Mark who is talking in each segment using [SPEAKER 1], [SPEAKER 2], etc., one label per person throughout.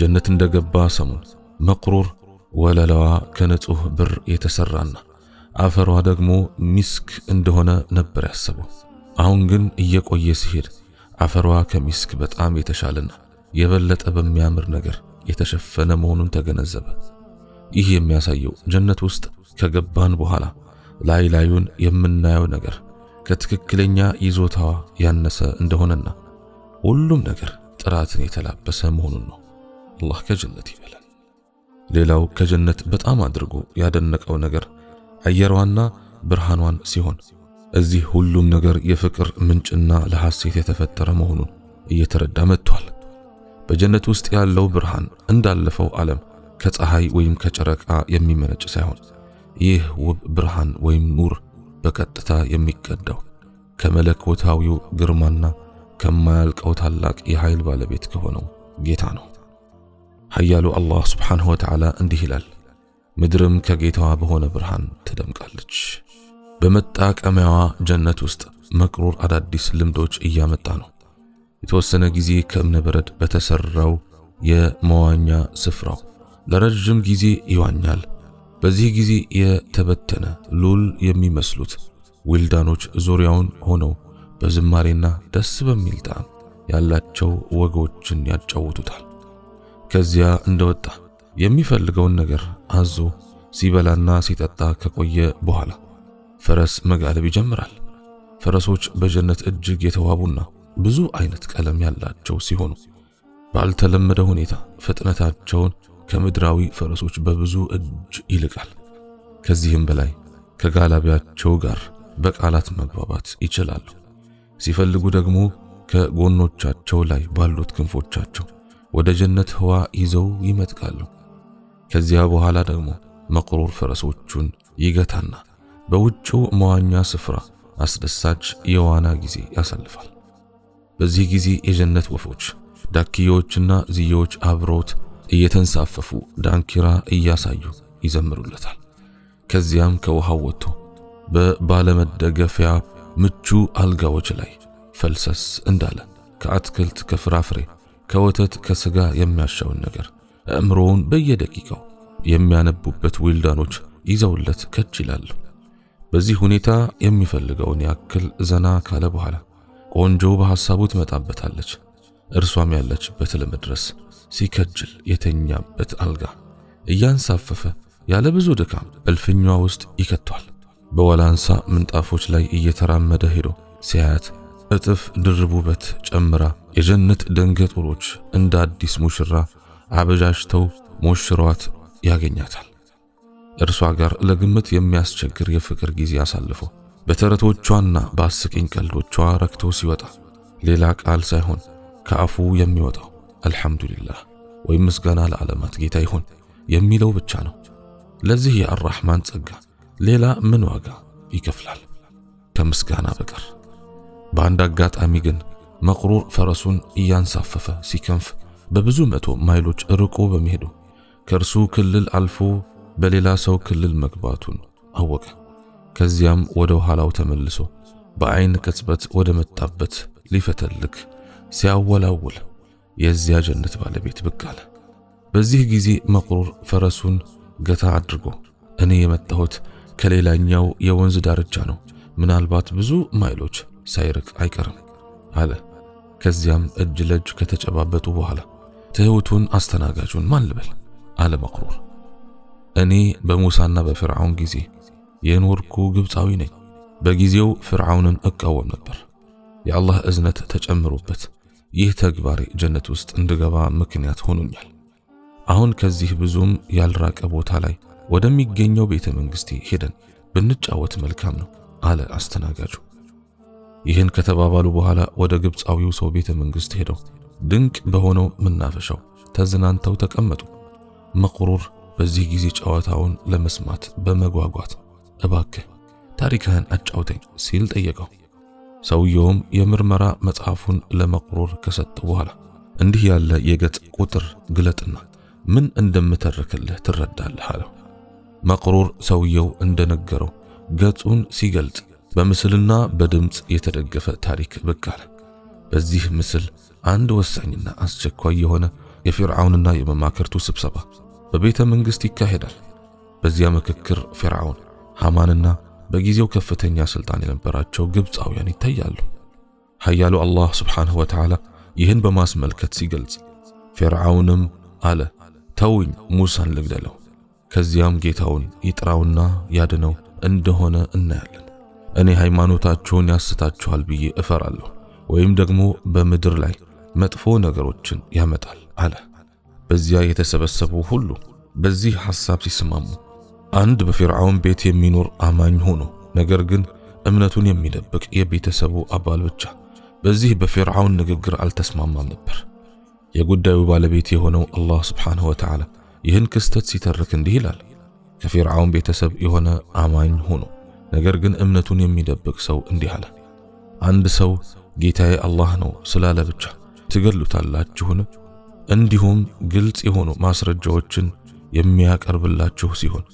[SPEAKER 1] ጀነት እንደገባ ሰሙን መቅሩር ወለላዋ ከንጹህ ብር የተሰራና አፈሯ ደግሞ ሚስክ እንደሆነ ነበር ያሰበው። አሁን ግን እየቆየ ሲሄድ አፈሯ ከሚስክ በጣም የተሻለና የበለጠ በሚያምር ነገር የተሸፈነ መሆኑን ተገነዘበ። ይህ የሚያሳየው ጀነት ውስጥ ከገባን በኋላ ላይ ላዩን የምናየው ነገር ከትክክለኛ ይዞታዋ ያነሰ እንደሆነና ሁሉም ነገር ጥራትን የተላበሰ መሆኑን ነው። አላህ ከጀነት ይበላል። ሌላው ከጀነት በጣም አድርጎ ያደነቀው ነገር አየሯና ብርሃኗን ሲሆን እዚህ ሁሉም ነገር የፍቅር ምንጭና ለሐሴት የተፈጠረ መሆኑን እየተረዳ መጥቷል። በጀነት ውስጥ ያለው ብርሃን እንዳለፈው ዓለም ከፀሐይ ወይም ከጨረቃ የሚመነጭ ሳይሆን ይህ ውብ ብርሃን ወይም ኑር በቀጥታ የሚቀዳው ከመለኮታዊው ግርማና ከማያልቀው ታላቅ የኃይል ባለቤት ከሆነው ጌታ ነው። ኃያሉ አላህ ስብሓንሁ ወተዓላ እንዲህ ይላል፣ ምድርም ከጌታዋ በሆነ ብርሃን ትደምቃለች። በመጣቀሚያዋ ጀነት ውስጥ መቅሩር አዳዲስ ልምዶች እያመጣ ነው። የተወሰነ ጊዜ ከእብነ በረድ በተሰራው የመዋኛ ስፍራው ለረዥም ጊዜ ይዋኛል። በዚህ ጊዜ የተበተነ ሉል የሚመስሉት ዊልዳኖች ዙሪያውን ሆነው በዝማሬና ደስ በሚል ጣዕም ያላቸው ወጎችን ያጫውቱታል። ከዚያ እንደወጣ የሚፈልገውን ነገር አዞ ሲበላና ሲጠጣ ከቆየ በኋላ ፈረስ መጋለብ ይጀምራል። ፈረሶች በጀነት እጅግ የተዋቡና ብዙ አይነት ቀለም ያላቸው ሲሆኑ ባልተለመደ ሁኔታ ፍጥነታቸውን ከምድራዊ ፈረሶች በብዙ እጅ ይልቃል። ከዚህም በላይ ከጋላቢያቸው ጋር በቃላት መግባባት ይችላሉ። ሲፈልጉ ደግሞ ከጎኖቻቸው ላይ ባሉት ክንፎቻቸው ወደ ጀነት ህዋ ይዘው ይመጥቃሉ። ከዚያ በኋላ ደግሞ መቅሩር ፈረሶቹን ይገታና በውጭው መዋኛ ስፍራ አስደሳች የዋና ጊዜ ያሳልፋል። በዚህ ጊዜ የጀነት ወፎች፣ ዳክዬዎችና ዝዬዎች አብሮት እየተንሳፈፉ ዳንኪራ እያሳዩ ይዘምሩለታል። ከዚያም ከውሃው ወጥቶ በባለመደገፊያ ምቹ አልጋዎች ላይ ፈልሰስ እንዳለ ከአትክልት ከፍራፍሬ ከወተት ከስጋ የሚያሻውን ነገር አእምሮውን በየደቂቃው የሚያነቡበት ዊልዳኖች ይዘውለት ከች ይላሉ። በዚህ ሁኔታ የሚፈልገውን ያክል ዘና ካለ በኋላ ቆንጆ በሐሳቡ ትመጣበታለች። እርሷም ያለችበት ለመድረስ ሲከጅል የተኛበት አልጋ እያንሳፈፈ ያለ ብዙ ድካም እልፍኛዋ ውስጥ ይከቷል። በወላንሳ ምንጣፎች ላይ እየተራመደ ሄዶ ሲያያት እጥፍ ድርብ ውበት ጨምራ የጀነት ደንገጡሮች እንደ አዲስ ሙሽራ አበጃጅተው ሞሽሯት ያገኛታል። እርሷ ጋር ለግምት የሚያስቸግር የፍቅር ጊዜ አሳልፎ በተረቶቿና በአስቂኝ ቀልዶቿ ረክቶ ሲወጣ ሌላ ቃል ሳይሆን ከአፉ የሚወጣው አልሐምዱሊላህ ወይም ምስጋና ለዓለማት ጌታ ይሁን የሚለው ብቻ ነው። ለዚህ የአራህማን ጸጋ ሌላ ምን ዋጋ ይከፍላል ከምስጋና በቀር? በአንድ አጋጣሚ ግን መቅሩር ፈረሱን እያንሳፈፈ ሲከንፍ በብዙ መቶ ማይሎች ርቆ በመሄዱ ከእርሱ ክልል አልፎ በሌላ ሰው ክልል መግባቱን አወቀ። ከዚያም ወደ ኋላው ተመልሶ በዐይን ቅጽበት ወደ መጣበት ሊፈተልክ ሲያወላውል የዚያ ጀነት ባለቤት ብቅ አለ። በዚህ ጊዜ መቅሩር ፈረሱን ገታ አድርጎ እኔ የመጣሁት ከሌላኛው የወንዝ ዳርቻ ነው፣ ምናልባት ብዙ ማይሎች ሳይርቅ አይቀርም አለ። ከዚያም እጅ ለእጅ ከተጨባበጡ በኋላ ትሑቱን አስተናጋጁን ማን ልበል አለ መቅሩር። እኔ በሙሳና በፍርዓውን ጊዜ የኖርኩ ግብፃዊ ነኝ። በጊዜው ፍርዓውንን እቃወም ነበር። የአላህ እዝነት ተጨምሮበት ይህ ተግባሬ ጀነት ውስጥ እንድገባ ምክንያት ሆኖኛል። አሁን ከዚህ ብዙም ያልራቀ ቦታ ላይ ወደሚገኘው ቤተ መንግሥቴ ሄደን ብንጫወት መልካም ነው አለ አስተናጋጁ። ይህን ከተባባሉ በኋላ ወደ ግብፃዊው ሰው ቤተ መንግሥት ሄደው ድንቅ በሆነው መናፈሻው ተዝናንተው ተቀመጡ። መቁሩር በዚህ ጊዜ ጨዋታውን ለመስማት በመጓጓት እባክህ ታሪክህን አጫውተኝ ሲል ጠየቀው። ሰውየውም የምርመራ መጽሐፉን ለመቁሩር ከሰጠ በኋላ እንዲህ ያለ የገጽ ቁጥር ግለጥና ምን እንደምተርክልህ ትረዳለህ አለው። መቁሩር ሰውየው እንደነገረው ገጹን ሲገልጽ በምስልና በድምፅ የተደገፈ ታሪክ ብቅ አለ። በዚህ ምስል አንድ ወሳኝና አስቸኳይ የሆነ የፊርዓውንና የመማክርቱ ስብሰባ በቤተ መንግሥት ይካሄዳል። በዚያ ምክክር ፊርዓውን፣ ሐማንና በጊዜው ከፍተኛ ሥልጣን የነበራቸው ግብፃውያን ይታያሉ። ኃያሉ አላህ ስብሓንሁ ወተዓላ ይህን በማስመልከት ሲገልጽ፣ ፊርዓውንም አለ ተውኝ፣ ሙሳን ልግደለው፣ ከዚያም ጌታውን ይጥራውና ያድነው እንደሆነ እናያለን። እኔ ሃይማኖታችሁን ያስታችኋል ብዬ እፈራለሁ፣ ወይም ደግሞ በምድር ላይ መጥፎ ነገሮችን ያመጣል አለ። በዚያ የተሰበሰቡ ሁሉ በዚህ ሐሳብ ሲስማሙ አንድ በፊርዓውን ቤት የሚኖር አማኝ ሆኖ ነገር ግን እምነቱን የሚደብቅ የቤተሰቡ አባል ብቻ በዚህ በፊርዓውን ንግግር አልተስማማም ነበር። የጉዳዩ ባለቤት የሆነው አላህ ስብሓንሁ ወተዓላ ይህን ክስተት ሲተርክ እንዲህ ይላል። ከፊርዓውን ቤተሰብ የሆነ አማኝ ሆኖ ነገር ግን እምነቱን የሚደብቅ ሰው እንዲህ አለ። አንድ ሰው ጌታዬ አላህ ነው ስላለ ብቻ ትገሉታላችሁን? እንዲሁም ግልጽ የሆኑ ማስረጃዎችን የሚያቀርብላችሁ ሲሆን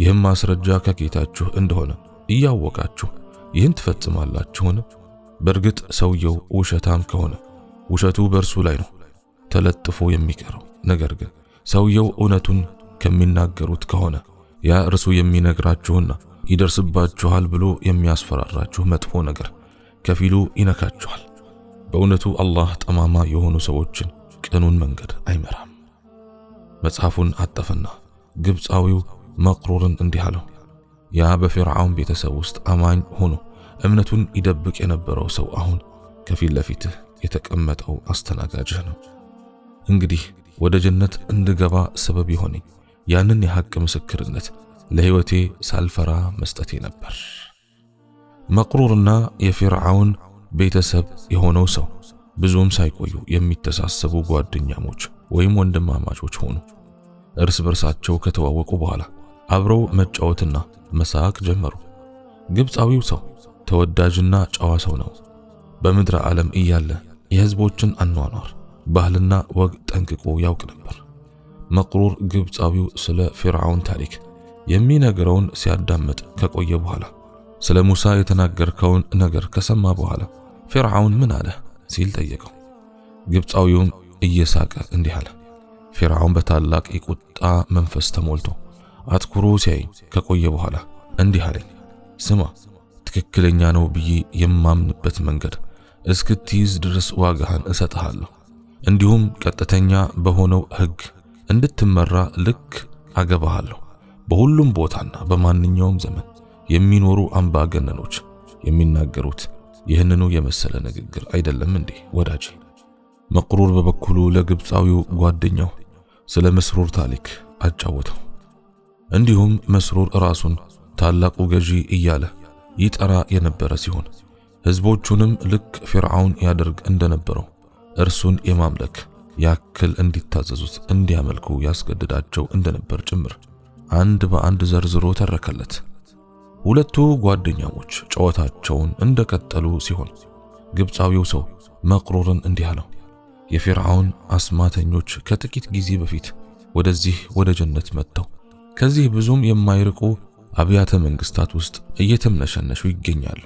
[SPEAKER 1] ይህም ማስረጃ ከጌታችሁ እንደሆነ እያወቃችሁ ይህን ትፈጽማላችሁን? በእርግጥ ሰውየው ውሸታም ከሆነ ውሸቱ በእርሱ ላይ ነው ተለጥፎ የሚቀረው። ነገር ግን ሰውየው እውነቱን ከሚናገሩት ከሆነ ያ እርሱ የሚነግራችሁና ይደርስባችኋል ብሎ የሚያስፈራራችሁ መጥፎ ነገር ከፊሉ ይነካችኋል። በእውነቱ አላህ ጠማማ የሆኑ ሰዎችን ቅኑን መንገድ አይመራም። መጽሐፉን አጠፈና ግብፃዊው መቅሩርን እንዲህ አለው። ያ በፊርዓውን ቤተሰብ ውስጥ አማኝ ሆኖ እምነቱን ይደብቅ የነበረው ሰው አሁን ከፊት ለፊትህ የተቀመጠው አስተናጋጅህ ነው። እንግዲህ ወደ ጀነት እንድገባ ሰበብ ይሆነኝ ያንን የሐቅ ምስክርነት ለሕይወቴ ሳልፈራ መስጠቴ ነበር። መቅሩርና የፊርዓውን ቤተሰብ የሆነው ሰው ብዙም ሳይቆዩ የሚተሳሰቡ ጓደኛሞች ወይም ወንድማማቾች ሆኑ። እርስ በርሳቸው ከተዋወቁ በኋላ አብረው መጫወትና መሳቅ ጀመሩ። ግብፃዊው ሰው ተወዳጅና ጨዋ ሰው ነው። በምድረ ዓለም እያለ የሕዝቦችን አኗኗር ባህልና ወግ ጠንቅቆ ያውቅ ነበር። መቅሩር ግብፃዊው ስለ ፊርዓውን ታሪክ የሚነግረውን ሲያዳምጥ ከቆየ በኋላ ስለ ሙሳ የተናገርከውን ነገር ከሰማ በኋላ ፊርዓውን ምን አለ ሲል ጠየቀው። ግብፃዊውም እየሳቀ እንዲህ አለ። ፊርዓውን በታላቅ የቁጣ መንፈስ ተሞልቶ አትኩሮ ሲያይ ከቆየ በኋላ እንዲህ አለኝ፣ ስማ ትክክለኛ ነው ብዬ የማምንበት መንገድ እስክትይዝ ድረስ ዋጋህን እሰጥሃለሁ። እንዲሁም ቀጥተኛ በሆነው ሕግ እንድትመራ ልክ አገባሃለሁ። በሁሉም ቦታና በማንኛውም ዘመን የሚኖሩ አምባገነኖች የሚናገሩት ይህንኑ የመሰለ ንግግር አይደለም እንዴ ወዳጅ? መቅሩር በበኩሉ ለግብፃዊው ጓደኛው ስለ መስሩር ታሪክ አጫወተው። እንዲሁም መስሩር ራሱን ታላቁ ገዢ እያለ ይጠራ የነበረ ሲሆን ሕዝቦቹንም ልክ ፊርዓውን ያደርግ እንደነበረው እርሱን የማምለክ ያክል እንዲታዘዙት እንዲያመልኩ ያስገድዳቸው እንደነበር ጭምር አንድ በአንድ ዘርዝሮ ተረከለት። ሁለቱ ጓደኛሞች ጨዋታቸውን እንደቀጠሉ ሲሆን ግብፃዊው ሰው መቅሩርን እንዲህ አለው፣ የፊርዓውን አስማተኞች ከጥቂት ጊዜ በፊት ወደዚህ ወደ ጀነት መጥተው ከዚህ ብዙም የማይርቁ አብያተ መንግስታት ውስጥ እየተምነሸነሹ ይገኛሉ።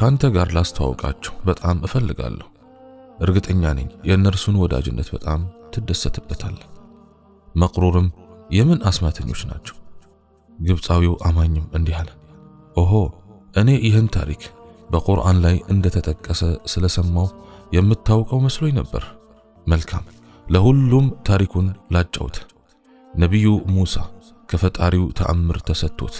[SPEAKER 1] ካንተ ጋር ላስተዋውቃቸው በጣም እፈልጋለሁ። እርግጠኛ ነኝ የእነርሱን ወዳጅነት በጣም ትደሰትበታለህ። መቅሩርም የምን አስማተኞች ናቸው? ግብፃዊው አማኝም እንዲህ አለ፣ ኦሆ እኔ ይህን ታሪክ በቁርአን ላይ እንደተጠቀሰ ስለሰማው የምታውቀው መስሎኝ ነበር። መልካም፣ ለሁሉም ታሪኩን ላጫውት። ነቢዩ ሙሳ ከፈጣሪው ተአምር ተሰጥቶት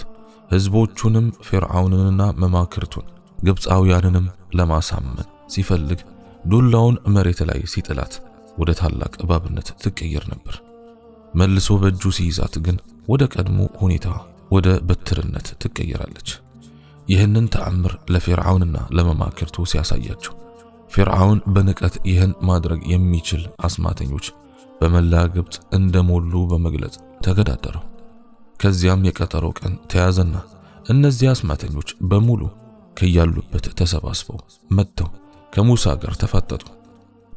[SPEAKER 1] ሕዝቦቹንም ፊርዓውንንና መማክርቱን ግብፃውያንንም ለማሳመን ሲፈልግ ዱላውን መሬት ላይ ሲጥላት ወደ ታላቅ እባብነት ትቀየር ነበር። መልሶ በእጁ ሲይዛት ግን ወደ ቀድሞ ሁኔታ ወደ በትርነት ትቀየራለች። ይህንን ተአምር ለፊርዓውንና ለመማክርቱ ሲያሳያቸው ፊርዓውን በንቀት ይህን ማድረግ የሚችል አስማተኞች በመላ ግብፅ እንደሞሉ በመግለጽ ተገዳደረው። ከዚያም የቀጠሮ ቀን ተያዘና እነዚህ አስማተኞች በሙሉ ከያሉበት ተሰባስበው መጥተው ከሙሳ ጋር ተፋጠጡ።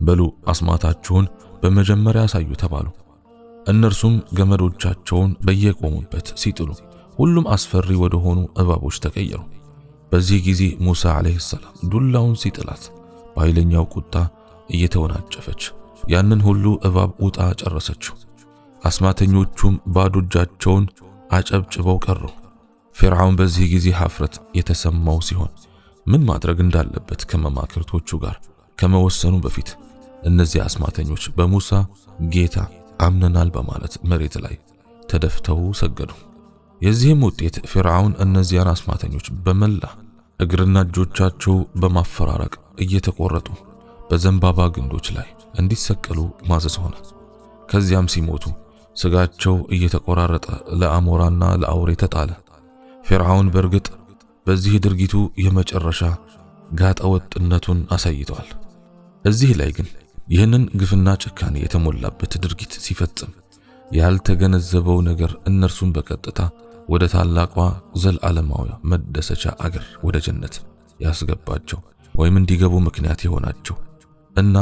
[SPEAKER 1] በሉ አስማታችሁን በመጀመሪያ ያሳዩ ተባሉ። እነርሱም ገመዶቻቸውን በየቆሙበት ሲጥሉ ሁሉም አስፈሪ ወደሆኑ እባቦች ተቀየሩ። በዚህ ጊዜ ሙሳ ዓለይሂ ሰላም ዱላውን ሲጥላት በኃይለኛው ቁጣ እየተወናጨፈች ያንን ሁሉ እባብ ውጣ ጨረሰችው። አስማተኞቹም ባዶ እጃቸውን አጨብጭበው ቀሩ። ፊርዓውን በዚህ ጊዜ ሀፍረት የተሰማው ሲሆን ምን ማድረግ እንዳለበት ከመማክርቶቹ ጋር ከመወሰኑ በፊት እነዚህ አስማተኞች በሙሳ ጌታ አምነናል በማለት መሬት ላይ ተደፍተው ሰገዱ። የዚህም ውጤት ፊርዓውን እነዚያን አስማተኞች በመላ እግርና እጆቻቸው በማፈራረቅ እየተቆረጡ በዘንባባ ግንዶች ላይ እንዲሰቀሉ ማዘዝ ሆነ። ከዚያም ሲሞቱ ስጋቸው እየተቆራረጠ ለአሞራና ለአውሬ ተጣለ። ፊርዓውን በእርግጥ በዚህ ድርጊቱ የመጨረሻ ጋጠወጥነቱን ወጥነቱን አሳይቷል። እዚህ ላይ ግን ይህንን ግፍና ጭካኔ የተሞላበት ድርጊት ሲፈጽም ያልተገነዘበው ነገር እነርሱን በቀጥታ ወደ ታላቋ ዘለዓለማዊ መደሰቻ አገር ወደ ጀነት ያስገባቸው ወይም እንዲገቡ ምክንያት የሆናቸው እና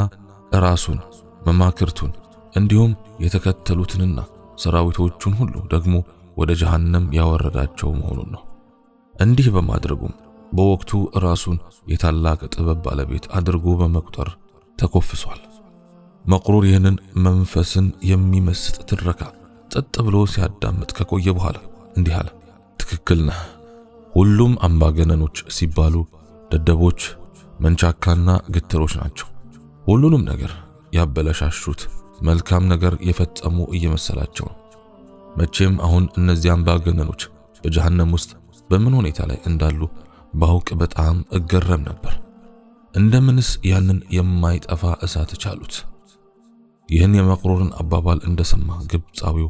[SPEAKER 1] ራሱን መማክርቱን እንዲሁም የተከተሉትንና ሰራዊቶቹን ሁሉ ደግሞ ወደ ጀሃነም ያወረዳቸው መሆኑን ነው። እንዲህ በማድረጉም በወቅቱ ራሱን የታላቅ ጥበብ ባለቤት አድርጎ በመቁጠር ተኮፍሷል። መቅሩር ይህንን መንፈስን የሚመስጥ ትረካ ጸጥ ብሎ ሲያዳምጥ ከቆየ በኋላ እንዲህ አለ። ትክክል ነህ። ሁሉም አምባገነኖች ሲባሉ ደደቦች፣ መንቻካና ግትሮች ናቸው። ሁሉንም ነገር ያበለሻሹት መልካም ነገር የፈጸሙ እየመሰላቸው ነው። መቼም አሁን እነዚህ አምባገነኖች በጀሃነም ውስጥ በምን ሁኔታ ላይ እንዳሉ ባውቅ በጣም እገረም ነበር። እንደምንስ ያንን የማይጠፋ እሳት ቻሉት? ይህን የመቅሩርን አባባል እንደሰማ ግብፃዊው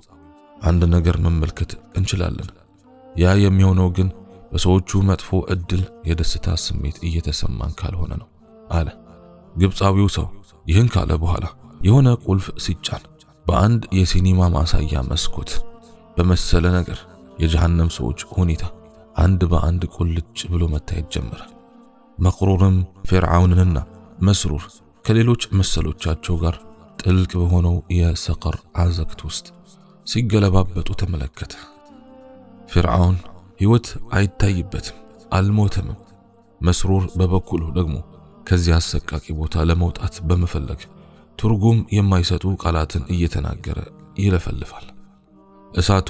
[SPEAKER 1] አንድ ነገር መመልከት እንችላለን። ያ የሚሆነው ግን በሰዎቹ መጥፎ እድል የደስታ ስሜት እየተሰማን ካልሆነ ነው አለ። ግብፃዊው ሰው ይህን ካለ በኋላ የሆነ ቁልፍ ሲጫን በአንድ የሲኒማ ማሳያ መስኮት በመሰለ ነገር የጀሃነም ሰዎች ሁኔታ አንድ በአንድ ቁልጭ ብሎ መታየት ጀመረ። መቅሩርም ፊርዓውንንና መስሩር ከሌሎች መሰሎቻቸው ጋር ጥልቅ በሆነው የሰቀር አዘቅት ውስጥ ሲገለባበጡ ተመለከተ። ፊርዓውን ሕይወት አይታይበትም፣ አልሞተምም። መስሩር በበኩሉ ደግሞ ከዚያ አሰቃቂ ቦታ ለመውጣት በመፈለግ ትርጉም የማይሰጡ ቃላትን እየተናገረ ይለፈልፋል። እሳቱ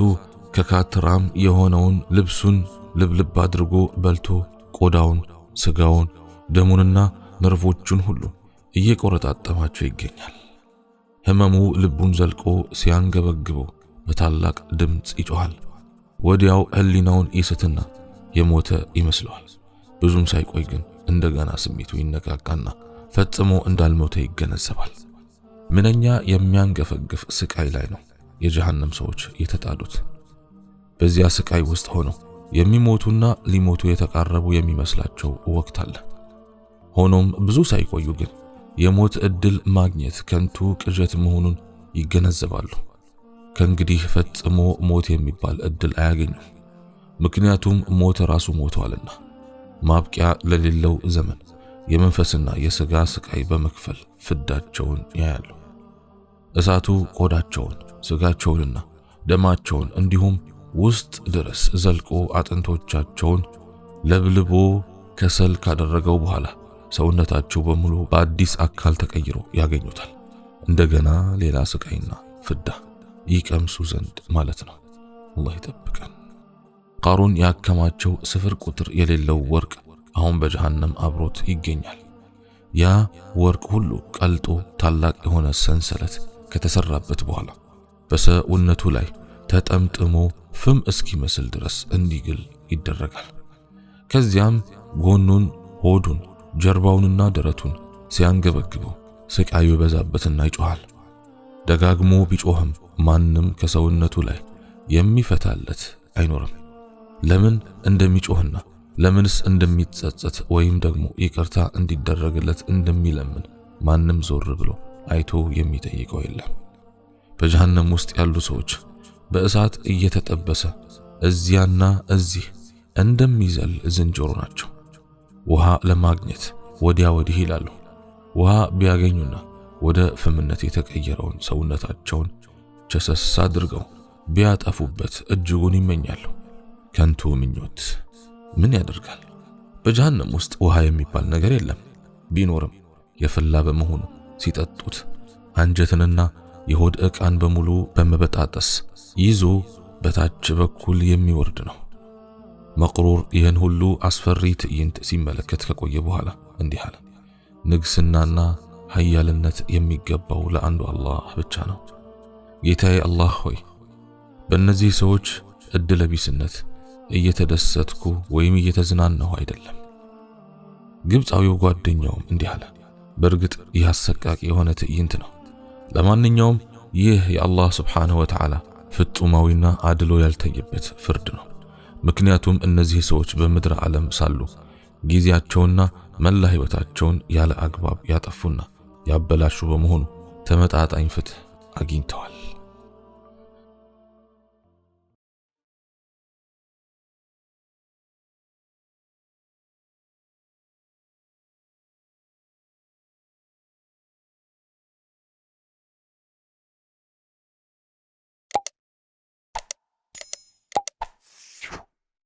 [SPEAKER 1] ከካትራም የሆነውን ልብሱን ልብልብ አድርጎ በልቶ ቆዳውን፣ ስጋውን፣ ደሙንና ነርቮቹን ሁሉ እየቆረጣጠማቸው ይገኛል። ህመሙ ልቡን ዘልቆ ሲያንገበግበው በታላቅ ድምፅ ይጮኋል። ወዲያው ህሊናውን ይስትና የሞተ ይመስለዋል። ብዙም ሳይቆይ ግን እንደገና ስሜቱ ይነቃቃና ፈጽሞ እንዳልሞተ ይገነዘባል። ምንኛ የሚያንገፈግፍ ስቃይ ላይ ነው የጀሃነም ሰዎች የተጣሉት። በዚያ ስቃይ ውስጥ ሆነው የሚሞቱና ሊሞቱ የተቃረቡ የሚመስላቸው ወቅት አለ። ሆኖም ብዙ ሳይቆዩ ግን የሞት ዕድል ማግኘት ከንቱ ቅዠት መሆኑን ይገነዘባሉ። ከእንግዲህ ፈጽሞ ሞት የሚባል ዕድል አያገኙም። ምክንያቱም ሞት ራሱ ሞቷልና ማብቂያ ለሌለው ዘመን የመንፈስና የሥጋ ስቃይ በመክፈል ፍዳቸውን ያያሉ። እሳቱ ቆዳቸውን፣ ስጋቸውንና ደማቸውን እንዲሁም ውስጥ ድረስ ዘልቆ አጥንቶቻቸውን ለብልቦ ከሰል ካደረገው በኋላ ሰውነታቸው በሙሉ በአዲስ አካል ተቀይሮ ያገኙታል። እንደገና ሌላ ስቃይና ፍዳ ይቀምሱ ዘንድ ማለት ነው። አላህ ይጠብቀን። ቃሩን ያከማቸው ስፍር ቁጥር የሌለው ወርቅ አሁን በጀሃነም አብሮት ይገኛል። ያ ወርቅ ሁሉ ቀልጦ ታላቅ የሆነ ሰንሰለት ከተሰራበት በኋላ በሰውነቱ ላይ ተጠምጥሞ ፍም እስኪመስል ድረስ እንዲግል ይደረጋል። ከዚያም ጎኑን፣ ሆዱን ጀርባውንና ደረቱን ሲያንገበግበው ስቃዩ ይበዛበትና ይጮሃል። ደጋግሞ ቢጮህም ማንም ከሰውነቱ ላይ የሚፈታለት አይኖርም። ለምን እንደሚጮህና ለምንስ እንደሚጸጸት ወይም ደግሞ ይቅርታ እንዲደረግለት እንደሚለምን ማንም ዞር ብሎ አይቶ የሚጠይቀው የለም። በጀሃነም ውስጥ ያሉ ሰዎች በእሳት እየተጠበሰ እዚያና እዚህ እንደሚዘል ዝንጀሮ ናቸው። ውሃ ለማግኘት ወዲያ ወዲህ ይላሉ። ውሃ ቢያገኙና ወደ ፍምነት የተቀየረውን ሰውነታቸውን ቸሰስ አድርገው ቢያጠፉበት እጅጉን ይመኛሉ። ከንቱ ምኞት ምን ያደርጋል? በጀሃነም ውስጥ ውሃ የሚባል ነገር የለም። ቢኖርም የፈላ በመሆኑ ሲጠጡት አንጀትንና የሆድ ዕቃን በሙሉ በመበጣጠስ ይዞ በታች በኩል የሚወርድ ነው። መቅሩር ይህን ሁሉ አስፈሪ ትዕይንት ሲመለከት ከቆየ በኋላ እንዲህ አለ፣ ንግስናና ሀያልነት የሚገባው ለአንዱ አላህ ብቻ ነው። ጌታዬ አላህ ሆይ በእነዚህ ሰዎች እድለ ቢስነት እየተደሰትኩ ወይም እየተዝናናሁ አይደለም። ግብፃዊው ጓደኛውም እንዲህ አለ፣ በእርግጥ ይህ አሰቃቂ የሆነ ትዕይንት ነው። ለማንኛውም ይህ የአላህ ስብሓንሁ ወተዓላ ፍጹማዊና አድሎ ያልታየበት ፍርድ ነው። ምክንያቱም እነዚህ ሰዎች በምድረ ዓለም ሳሉ ጊዜያቸውና መላ ሕይወታቸውን ያለ አግባብ ያጠፉና ያበላሹ በመሆኑ ተመጣጣኝ ፍትህ አግኝተዋል።